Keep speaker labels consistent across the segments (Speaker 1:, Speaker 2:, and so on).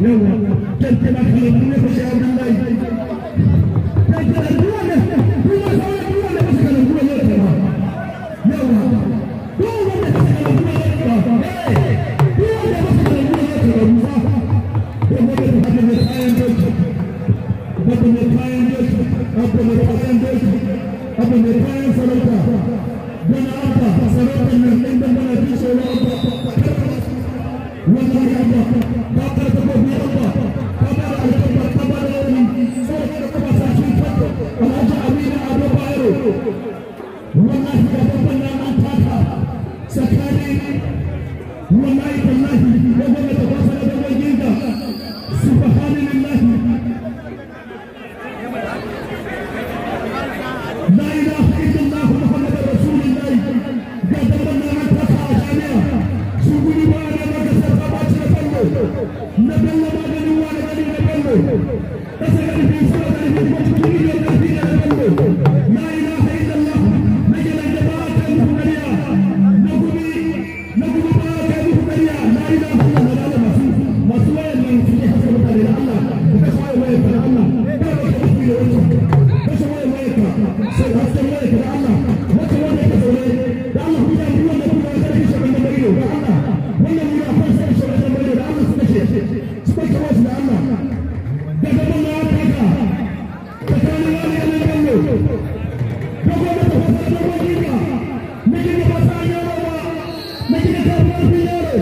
Speaker 1: No kyarkina kuma mun yi fashe abin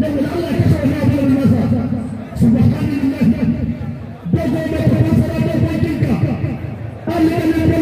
Speaker 1: لكن الله كسر هذه المسا سبحان الله دوغو مكو مسا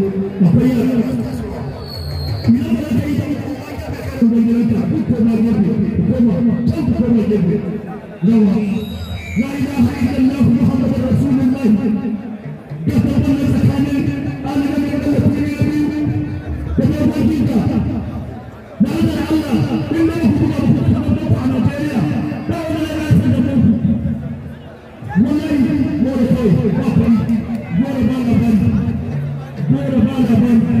Speaker 1: لا اله الا الله محمد رسول الله Thank you.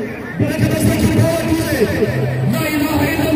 Speaker 1: تھيڪ آهي اسان کي ٻڌايو ٿي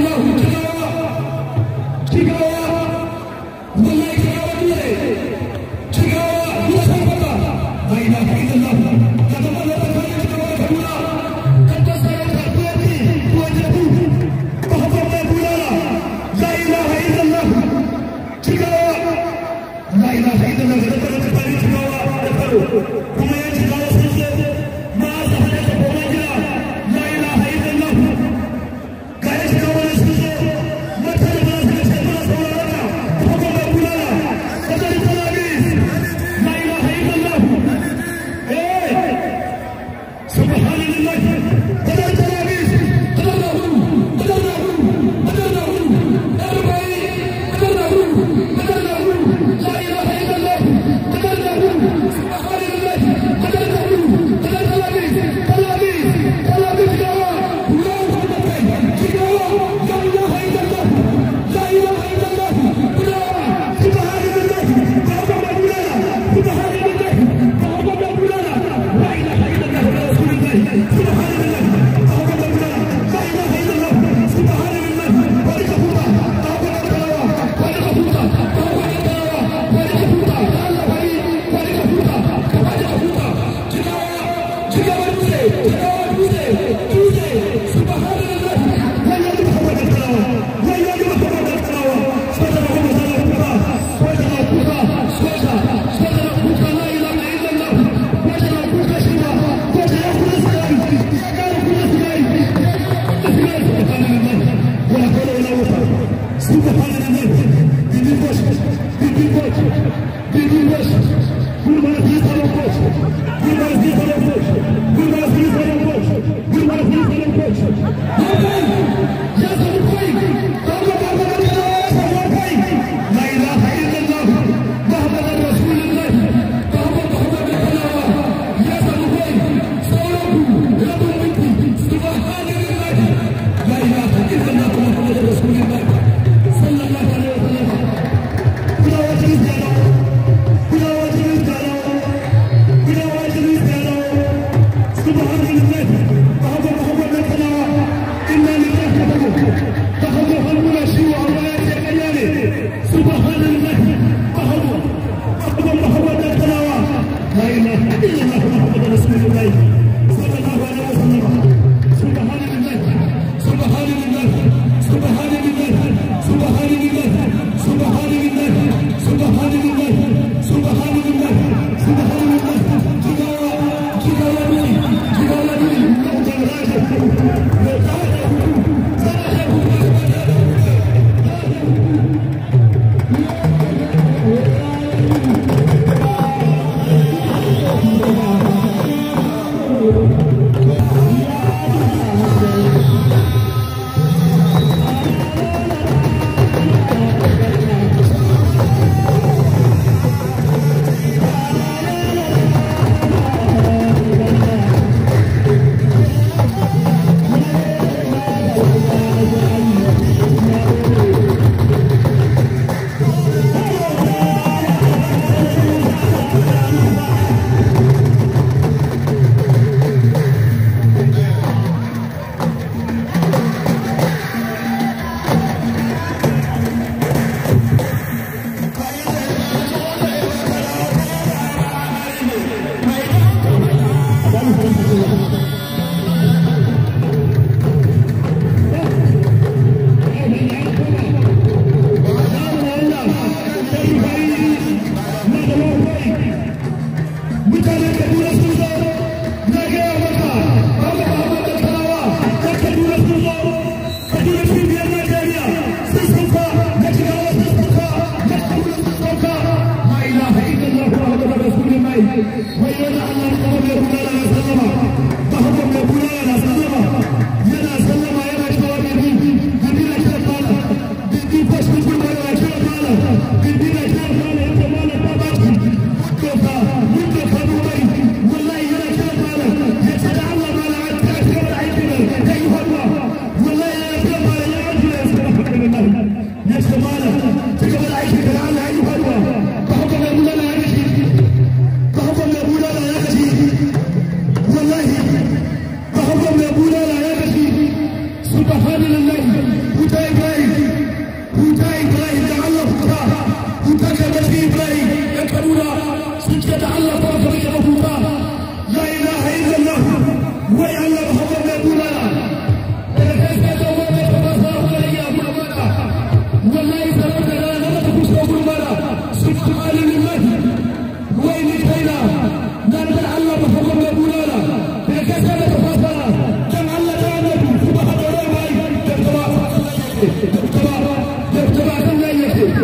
Speaker 1: يتعلق طرف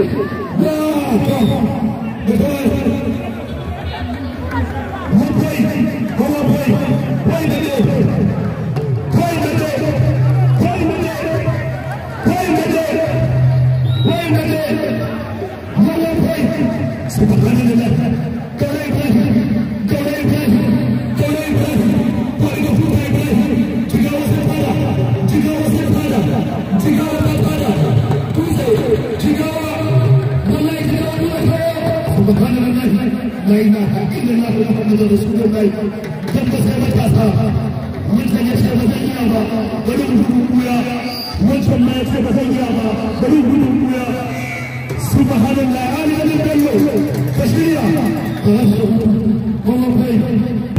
Speaker 1: Go, go, go, go. आपको लगा है नहीं ना हकीम ने ना बोला पर मुझे रसूल ने जब तक से बचा था मुझसे जैसे बदल गया था बड़ी गुरु हुआ मुझसे मैं से बदल गया था बड़ी गुरु हुआ सुबह अल्लाह आलिम कर लो तशरीह कहा वो भाई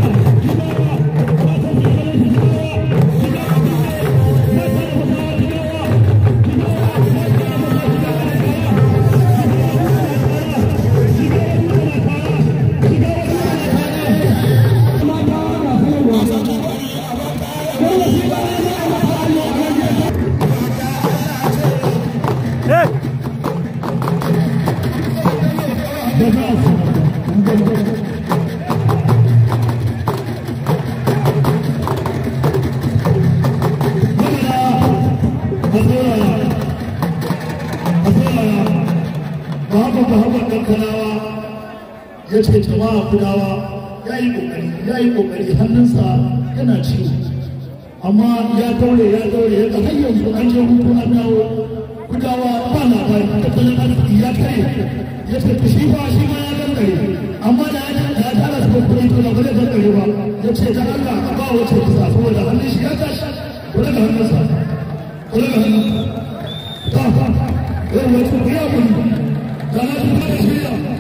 Speaker 1: ya ce jama'a kudawa ya yi ƙoƙari ya yi ƙoƙari hannunsa yana ciwo amma ya daure ya daure ya yanzu an je hutu an dawo kudawa ba labari tattalin arziki ya kare ya ce shi ba shi ma ya dangare amma da ya tara su kuɗi ta ba zai dangare ba ya ce ta Allah a ba wace kusa saboda hannun shi ya tashi kula da hannunsa kula da hannunsa ba ba yau wato ya kuli da na da